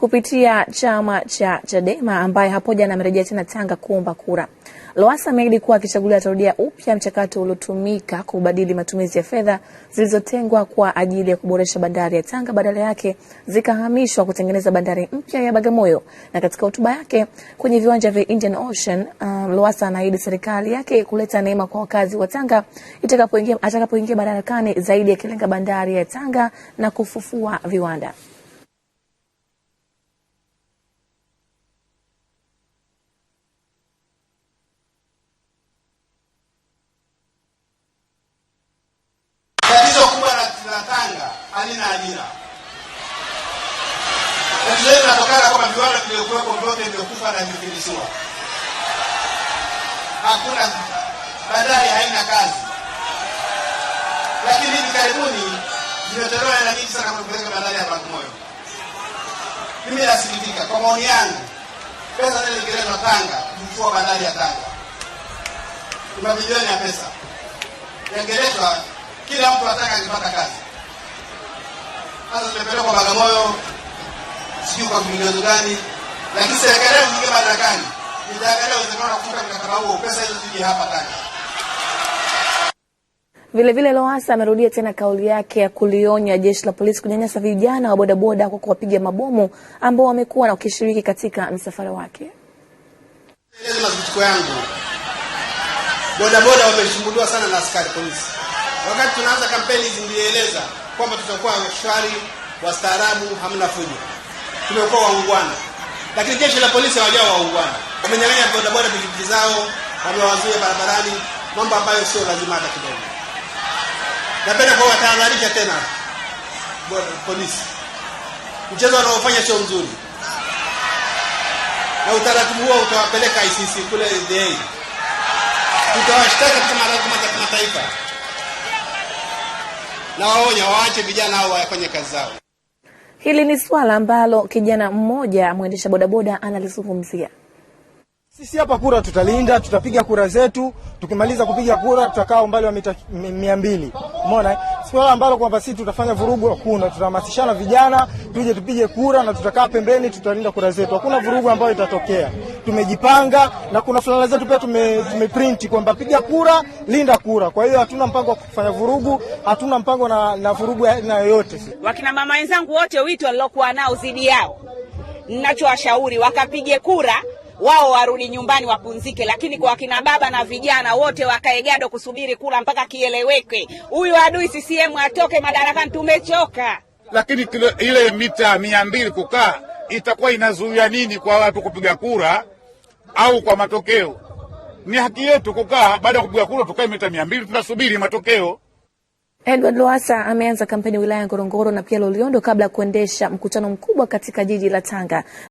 kupitia chama cha Chadema ambaye hapo jana amerejea tena Tanga kuomba kura. Lowassa ameahidi kuwa akichaguliwa atarudia upya mchakato uliotumika kubadili matumizi ya fedha zilizotengwa kwa ajili ya kuboresha bandari ya Tanga, badala yake zikahamishwa kutengeneza bandari mpya ya Bagamoyo. Na katika hotuba yake kwenye viwanja vya Indian Ocean, uh, Lowassa anaahidi serikali yake kuleta neema kwa wakazi wa Tanga atakapoingia madarakani, zaidi akilenga bandari ya Tanga na kufufua viwanda. Tanga halina ajira. Tatizo hili linatokana kwamba viwanda vilivyokuwepo vyote vimekufa na vimefilisiwa. Hakuna, bandari haina kazi, lakini hivi karibuni zimetolewa hela nyingi sana kupeleka bandari ya Bagamoyo. Mimi nasikitika, kwa maoni yangu, pesa zile zilizoletwa Tanga kufufua bandari ya Tanga ni mabilioni ya pesa yangeletwa, kila mtu ataka akipata kazi sasa tumepelekwa Bagamoyo, kwa gani, lakini serikali ingia madarakani, itaangalia uwezekano wa kufuta mkataba huo, pesa hizo zije hapa ndani. Lowassa amerudia tena kauli yake ya kulionya jeshi la polisi kunyanyasa vijana wa bodaboda kwa kuwapiga mabomu ambao wamekuwa na kishiriki katika msafara wake. yangu, bodaboda sana na askari polisi. Wakati tunaanza kampeni hizi nilieleza kwamba tutakuwa shwari, wastaarabu, hamna fujo, tumekuwa waungwana. Lakini jeshi la polisi hawajawa waungwana, wamenyang'anya bodaboda pikipiki zao, wamewazuia barabarani, mambo ambayo sio lazima hata kidogo. Napenda kwa watahadharisha tena boda, polisi, mchezo wanaofanya sio mzuri, na utaratibu huo utawapeleka ICC kule da tutawashtaka katika mahakama za kimataifa na waonya waache vijana hao wafanye kazi zao. Hili ni swala ambalo kijana mmoja mwendesha bodaboda analizungumzia. Sisi hapa kura tutalinda, tutapiga kura zetu. Tukimaliza kupiga kura, tutakaa umbali wa mita mia mbili. Umeona? Eh? swala ambalo kwamba sisi tutafanya vurugu hakuna. Tutahamasishana vijana tuje tupige kura, na tutakaa pembeni, tutalinda kura zetu. Hakuna vurugu ambayo itatokea. Tumejipanga na kuna fulana zetu pia tume, tumeprinti kwamba piga kura, linda kura. Kwa hiyo hatuna mpango wa kufanya vurugu, hatuna mpango na, na vurugu na yoyote. Wakina mama wenzangu wote, wito alilokuwa nao dhidi yao, ninachowashauri wakapige kura wao warudi nyumbani wapunzike lakini kwa kina baba na vijana wote wakae gado kusubiri kula mpaka kieleweke, huyu adui CCM atoke madarakani, tumechoka. Lakini kilo, ile mita mia mbili kukaa itakuwa inazuia nini kwa watu kupiga kura au kwa matokeo? Ni haki yetu kukaa, baada ya kupiga kura tukae mita mia mbili tunasubiri matokeo. Edward Lowassa ameanza kampeni wilaya ya Ngorongoro na pia Loliondo kabla ya kuendesha mkutano mkubwa katika jiji la Tanga.